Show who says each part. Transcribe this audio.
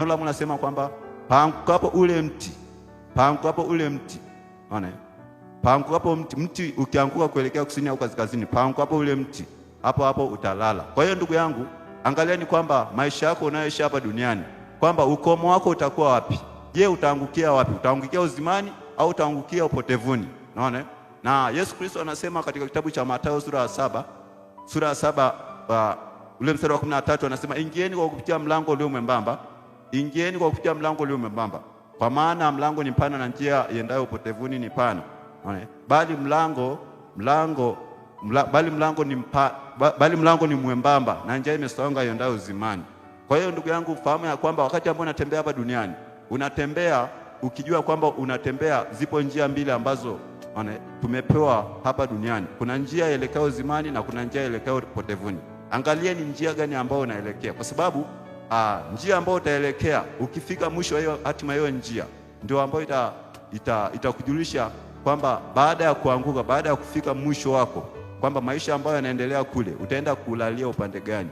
Speaker 1: Neno la Mungu nasema kwamba paangukapo ule mti, paangukapo ule mti, unaona, paangukapo mti, mti ukianguka kuelekea kusini au kaskazini, paangukapo ule mti, hapo hapo utalala. Kwa hiyo ndugu yangu, angalia ni kwamba maisha yako unayoishi hapa duniani, kwamba ukomo wako utakuwa wapi? Je, utaangukia wapi? Utaangukia uzimani au utaangukia upotevuni? Unaona? Na Yesu Kristo anasema katika kitabu cha Mathayo sura ya saba sura ya saba uh, ule mstari wa 13 anasema ingieni kwa kupitia mlango ulio mwembamba Ingieni kwa kupitia mlango ule mwembamba, kwa maana mlango ni mpana na njia iendayo upotevuni ni pana, bali mlango mlango mla, bali mlango ni mpa, bali mlango ni mwembamba na njia imesonga iendayo uzimani. Kwa hiyo ndugu yangu, fahamu ya kwamba wakati ambao unatembea hapa duniani unatembea ukijua kwamba unatembea, zipo njia mbili ambazo tumepewa hapa duniani. Kuna njia elekeo zimani na kuna njia elekeo potevuni. Angalia ni njia gani ambayo unaelekea, kwa sababu aa, ah, njia ambayo utaelekea ukifika mwisho wa hiyo hatima, hiyo njia ndio ambayo itakujulisha ita, ita kwamba baada ya kuanguka, baada ya kufika mwisho wako, kwamba maisha ambayo yanaendelea kule utaenda kulalia upande gani.